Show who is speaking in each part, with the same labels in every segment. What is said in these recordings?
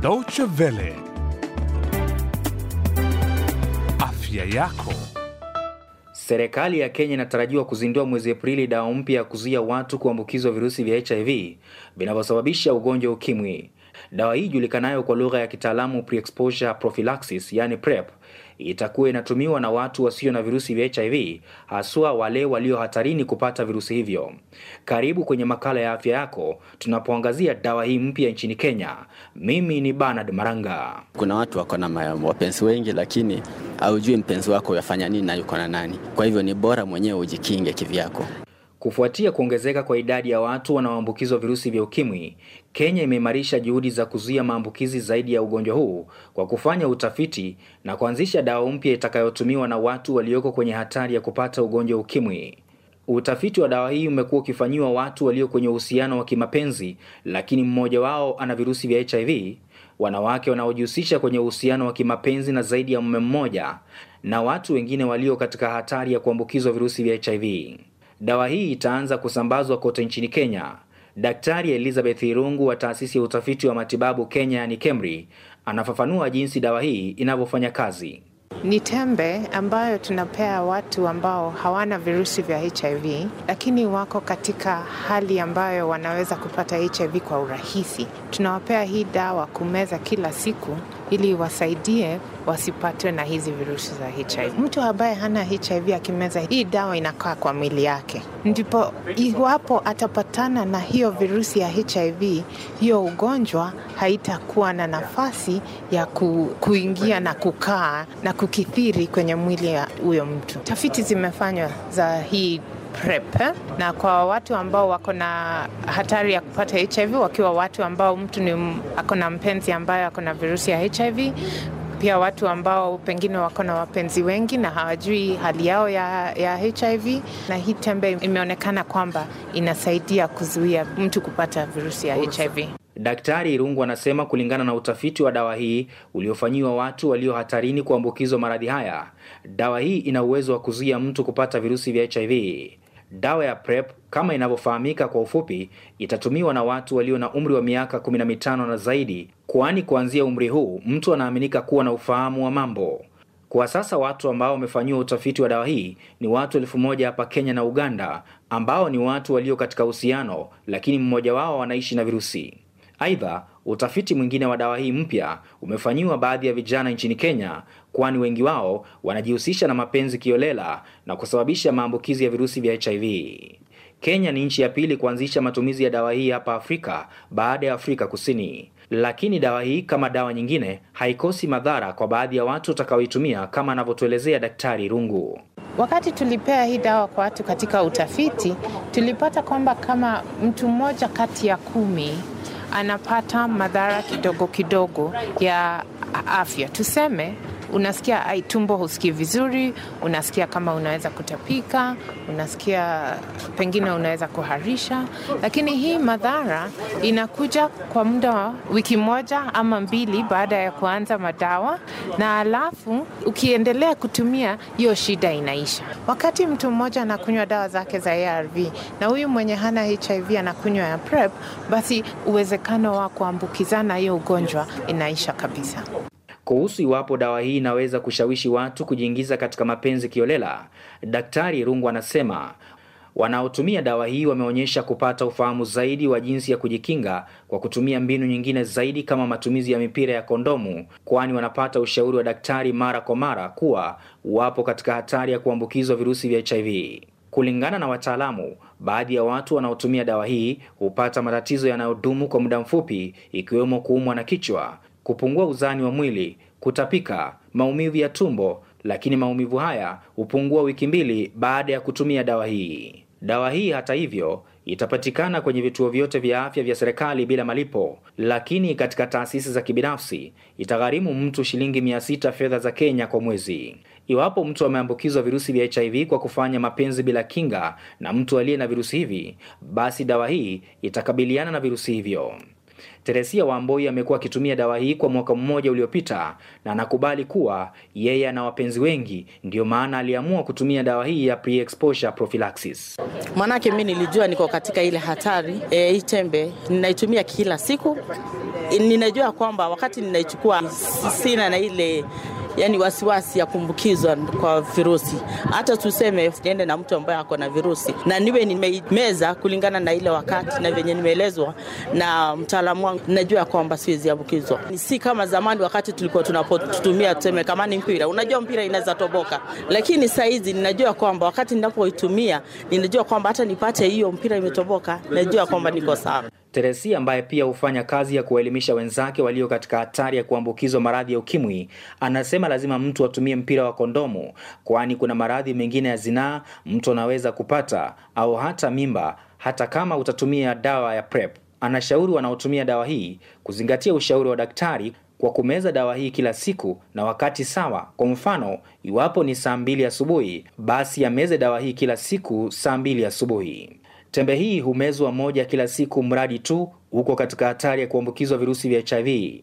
Speaker 1: Deutsche Welle. Afya yako. Serikali ya Kenya inatarajiwa kuzindua mwezi Aprili dawa mpya ya kuzuia watu kuambukizwa virusi vya HIV vinavyosababisha ugonjwa ukimwi. Dawa hii julikanayo kwa lugha ya kitaalamu pre-exposure prophylaxis, yani PrEP, e itakuwa inatumiwa na watu wasio na virusi vya HIV, haswa wale walio hatarini kupata virusi hivyo. Karibu kwenye makala ya afya yako tunapoangazia dawa hii mpya nchini Kenya. Mimi ni Bernard Maranga.
Speaker 2: Kuna watu wako na wapenzi wengi, lakini haujui mpenzi wako yafanya nini na yuko na nani, kwa hivyo ni bora mwenyewe ujikinge kivyako. Kufuatia kuongezeka kwa idadi ya watu wanaoambukizwa virusi
Speaker 1: vya ukimwi, Kenya imeimarisha juhudi za kuzuia maambukizi zaidi ya ugonjwa huu kwa kufanya utafiti na kuanzisha dawa mpya itakayotumiwa na watu walioko kwenye hatari ya kupata ugonjwa wa ukimwi. Utafiti wa dawa hii umekuwa ukifanyiwa watu walio kwenye uhusiano wa kimapenzi, lakini mmoja wao ana virusi vya HIV, wanawake wanaojihusisha kwenye uhusiano wa kimapenzi na zaidi ya mume mmoja, na watu wengine walio katika hatari ya kuambukizwa virusi vya HIV. Dawa hii itaanza kusambazwa kote nchini Kenya. Daktari Elizabeth Irungu wa taasisi ya utafiti wa matibabu Kenya yani KEMRI anafafanua jinsi dawa hii inavyofanya kazi.
Speaker 3: Ni tembe ambayo tunapea watu ambao hawana virusi vya HIV lakini wako katika hali ambayo wanaweza kupata HIV kwa urahisi. Tunawapea hii dawa kumeza kila siku ili wasaidie wasipatwe na hizi virusi za HIV. Mtu ambaye hana HIV akimeza hii dawa inakaa kwa mwili yake, ndipo iwapo atapatana na hiyo virusi ya HIV, hiyo ugonjwa haitakuwa na nafasi ya ku, kuingia na kukaa na kukithiri kwenye mwili ya huyo mtu. Tafiti zimefanywa za hii PrEP Na kwa watu ambao wako na hatari ya kupata HIV, wakiwa watu ambao mtu ni ako na mpenzi ambaye ako na virusi ya HIV, pia watu ambao pengine wako na wapenzi wengi na hawajui hali yao ya, ya HIV, na hii tembe imeonekana kwamba inasaidia kuzuia mtu kupata virusi ya HIV.
Speaker 1: Daktari Irungu anasema kulingana na utafiti wa dawa hii uliofanyiwa watu walio hatarini kuambukizwa maradhi haya, dawa hii ina uwezo wa kuzuia mtu kupata virusi vya HIV. Dawa ya PrEP kama inavyofahamika kwa ufupi, itatumiwa na watu walio na umri wa miaka 15 na zaidi, kwani kuanzia umri huu mtu anaaminika kuwa na ufahamu wa mambo. Kwa sasa watu ambao wamefanyiwa utafiti wa dawa hii ni watu elfu moja hapa Kenya na Uganda, ambao ni watu walio katika uhusiano, lakini mmoja wao anaishi na virusi. Aidha, Utafiti mwingine wa dawa hii mpya umefanyiwa baadhi ya vijana nchini Kenya, kwani wengi wao wanajihusisha na mapenzi kiolela na kusababisha maambukizi ya virusi vya HIV. Kenya ni nchi ya pili kuanzisha matumizi ya dawa hii hapa Afrika baada ya Afrika Kusini. Lakini dawa hii kama dawa nyingine haikosi madhara kwa baadhi ya watu watakaoitumia, kama anavyotuelezea Daktari Rungu.
Speaker 3: Wakati tulipea hii dawa kwa watu katika utafiti, tulipata kwamba kama mtu mmoja kati ya kumi anapata madhara kidogo kidogo ya afya, tuseme unasikia ai, tumbo husikii vizuri, unasikia kama unaweza kutapika, unasikia pengine unaweza kuharisha. Lakini hii madhara inakuja kwa muda wa wiki moja ama mbili baada ya kuanza madawa, na alafu ukiendelea kutumia hiyo shida inaisha. Wakati mtu mmoja anakunywa dawa zake za ARV na huyu mwenye hana HIV anakunywa ya PrEP, basi uwezekano wa kuambukizana hiyo ugonjwa inaisha kabisa.
Speaker 1: Kuhusu iwapo dawa hii inaweza kushawishi watu kujiingiza katika mapenzi kiolela, Daktari Rungu anasema wanaotumia dawa hii wameonyesha kupata ufahamu zaidi wa jinsi ya kujikinga kwa kutumia mbinu nyingine zaidi kama matumizi ya mipira ya kondomu, kwani wanapata ushauri wa daktari mara kwa mara kuwa wapo katika hatari ya kuambukizwa virusi vya HIV. Kulingana na wataalamu, baadhi ya watu wanaotumia dawa hii hupata matatizo yanayodumu kwa muda mfupi, ikiwemo kuumwa na kichwa, kupungua uzani wa mwili, kutapika, maumivu ya tumbo, lakini maumivu haya hupungua wiki mbili baada ya kutumia dawa hii. Dawa hii hata hivyo itapatikana kwenye vituo vyote vya afya vya serikali bila malipo, lakini katika taasisi za kibinafsi itagharimu mtu shilingi 600 fedha za Kenya kwa mwezi. Iwapo mtu ameambukizwa virusi vya HIV kwa kufanya mapenzi bila kinga na mtu aliye na virusi hivi, basi dawa hii itakabiliana na virusi hivyo. Teresia Wamboi amekuwa akitumia dawa hii kwa mwaka mmoja uliopita na anakubali kuwa yeye ana wapenzi wengi, ndio maana aliamua kutumia dawa hii ya pre-exposure prophylaxis.
Speaker 2: Manake mimi nilijua niko katika ile hatari e, hii tembe ninaitumia kila siku, ninajua kwamba wakati ninaichukua sina na ile yani wasiwasi ya kuambukizwa kwa virusi. Hata tuseme niende na mtu ambaye ako na virusi na niwe nimeimeza kulingana na ile wakati na venye nimeelezwa na mtaalamu wangu, najua kwamba siwezi ambukizwa. Si kama zamani wakati tulikuwa tunapotumia tuseme kama ni mpira, unajua mpira inaweza toboka, lakini saizi ninajua kwamba wakati ninapoitumia ninajua kwamba hata nipate hiyo mpira imetoboka, najua kwamba niko sawa.
Speaker 1: Teresi ambaye pia hufanya kazi ya kuwaelimisha wenzake walio katika hatari ya kuambukizwa maradhi ya ukimwi anasema lazima mtu atumie mpira wa kondomu, kwani kuna maradhi mengine ya zinaa mtu anaweza kupata au hata mimba, hata kama utatumia dawa ya PrEP. Anashauri wanaotumia dawa hii kuzingatia ushauri wa daktari kwa kumeza dawa hii kila siku na wakati sawa. Kwa mfano, iwapo ni saa mbili asubuhi, basi ameze dawa hii kila siku saa mbili asubuhi. Tembe hii humezwa moja kila siku mradi tu huko katika hatari ya kuambukizwa virusi vya HIV.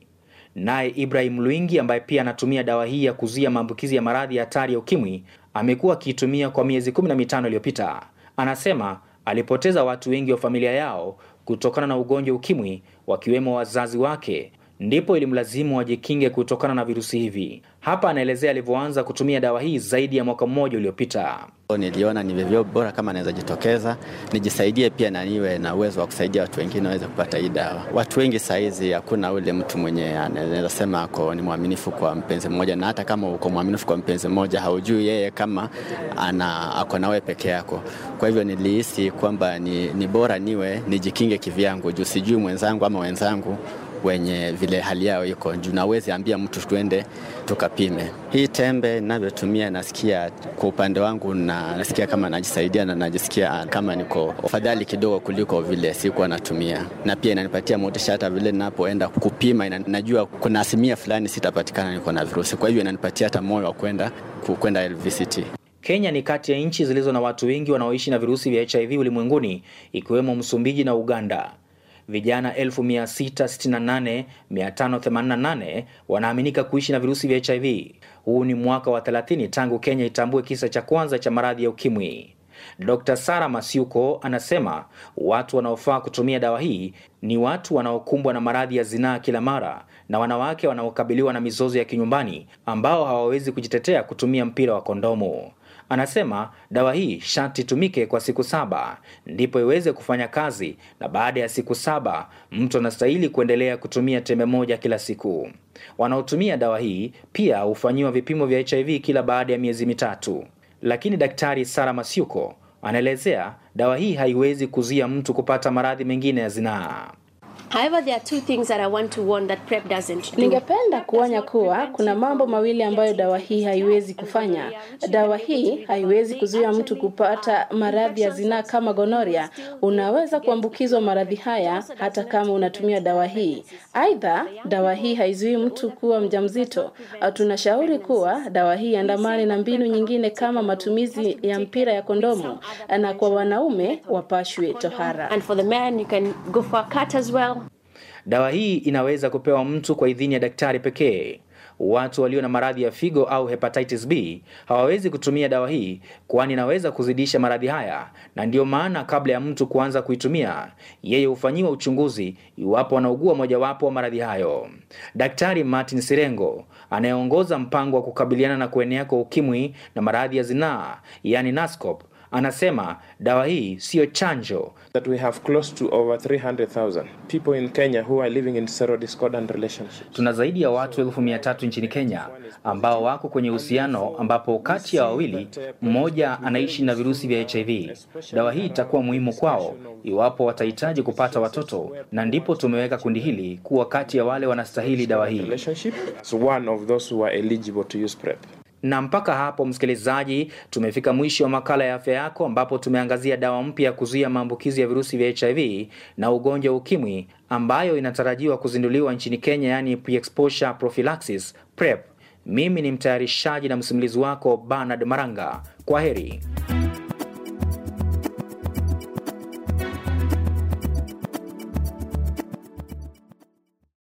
Speaker 1: Naye Ibrahim Lwingi ambaye pia anatumia dawa hii ya kuzuia maambukizi ya maradhi ya hatari ya ukimwi amekuwa akiitumia kwa miezi 15 iliyopita. Anasema alipoteza watu wengi wa familia yao kutokana na ugonjwa ukimwi, wakiwemo wazazi wake, ndipo ilimlazimu wajikinge kutokana na virusi
Speaker 2: hivi. Hapa anaelezea alivyoanza kutumia dawa hii zaidi ya mwaka mmoja uliopita. Niliona ni vivyo bora kama naweza jitokeza nijisaidie pia na niwe na uwezo wa kusaidia watu wengine waweze kupata hii dawa. Watu wengi saizi hakuna ule mtu mwenye anaweza sema ako ni mwaminifu kwa mpenzi mmoja, na hata kama uko mwaminifu kwa mpenzi mmoja haujui yeye kama ana ako nawe peke yako. Kwa hivyo nilihisi kwamba ni, ni bora niwe nijikinge kivyangu juu sijui mwenzangu ama wenzangu wenye vile hali yao iko juu, nawezi ambia mtu tuende tukapime. Hii tembe ninavyotumia, nasikia kwa upande wangu na nasikia kama najisaidia na najisikia ah, kama niko ofadhali kidogo kuliko vile sikuwa natumia, na pia inanipatia motisha hata vile ninapoenda kupima, najua kuna asilimia fulani sitapatikana niko na virusi, kwa hivyo inanipatia hata moyo wa kwenda kwenda LVCT. Kenya ni kati ya nchi zilizo na
Speaker 1: watu wengi wanaoishi na virusi vya HIV ulimwenguni ikiwemo Msumbiji na Uganda vijana 1668,588 wanaaminika kuishi na virusi vya HIV. Huu ni mwaka wa 30 tangu Kenya itambue kisa cha kwanza cha maradhi ya ukimwi. Dr. Sara Masiuko anasema watu wanaofaa kutumia dawa hii ni watu wanaokumbwa na maradhi ya zinaa kila mara na wanawake wanaokabiliwa na mizozo ya kinyumbani ambao hawawezi kujitetea kutumia mpira wa kondomu. Anasema dawa hii sharti itumike kwa siku saba ndipo iweze kufanya kazi, na baada ya siku saba mtu anastahili kuendelea kutumia tembe moja kila siku. Wanaotumia dawa hii pia hufanyiwa vipimo vya HIV kila baada ya miezi mitatu. Lakini Daktari Sara Masyuko anaelezea dawa hii haiwezi kuzuia mtu kupata maradhi mengine ya zinaa.
Speaker 3: However, there are two things that I want to warn that PrEP doesn't do. Ningependa kuonya kuwa kuna mambo mawili ambayo dawa hii haiwezi kufanya. Dawa hii haiwezi kuzuia mtu kupata maradhi ya zinaa kama gonoria. Unaweza kuambukizwa maradhi haya hata kama unatumia dawa hii. Aidha, dawa hii haizuii mtu kuwa mjamzito. Tunashauri kuwa dawa hii andamane na mbinu nyingine kama matumizi ya mpira ya kondomu, na kwa wanaume wapashwe tohara. And for the man, you can go for a cut as
Speaker 2: well.
Speaker 1: Dawa hii inaweza kupewa mtu kwa idhini ya daktari pekee. Watu walio na maradhi ya figo au hepatitis B hawawezi kutumia dawa hii kwani inaweza kuzidisha maradhi haya, na ndiyo maana kabla ya mtu kuanza kuitumia, yeye hufanyiwa uchunguzi iwapo anaugua mojawapo wa maradhi hayo. Daktari Martin Sirengo anayeongoza mpango wa kukabiliana na kuenea kwa ukimwi na maradhi ya zinaa, yani NASCOP, Anasema dawa hii siyo chanjo. That we have close to over 300,000 people in Kenya who are living in discordant relationships. Tuna zaidi ya watu elfu mia tatu nchini Kenya ambao wako kwenye uhusiano ambapo kati ya wawili mmoja anaishi na virusi vya HIV. Dawa hii itakuwa muhimu kwao iwapo watahitaji kupata watoto, na ndipo tumeweka kundi hili kuwa kati ya wale wanastahili dawa hii. So one of those who are eligible to use PrEP. Na mpaka hapo msikilizaji, tumefika mwisho wa makala ya afya yako, ambapo tumeangazia dawa mpya ya kuzuia maambukizi ya virusi vya HIV na ugonjwa ukimwi ambayo inatarajiwa kuzinduliwa nchini Kenya, yaani pre-exposure prophylaxis PrEP. E Mimi ni mtayarishaji na msimulizi wako Bernard Maranga. Kwa heri.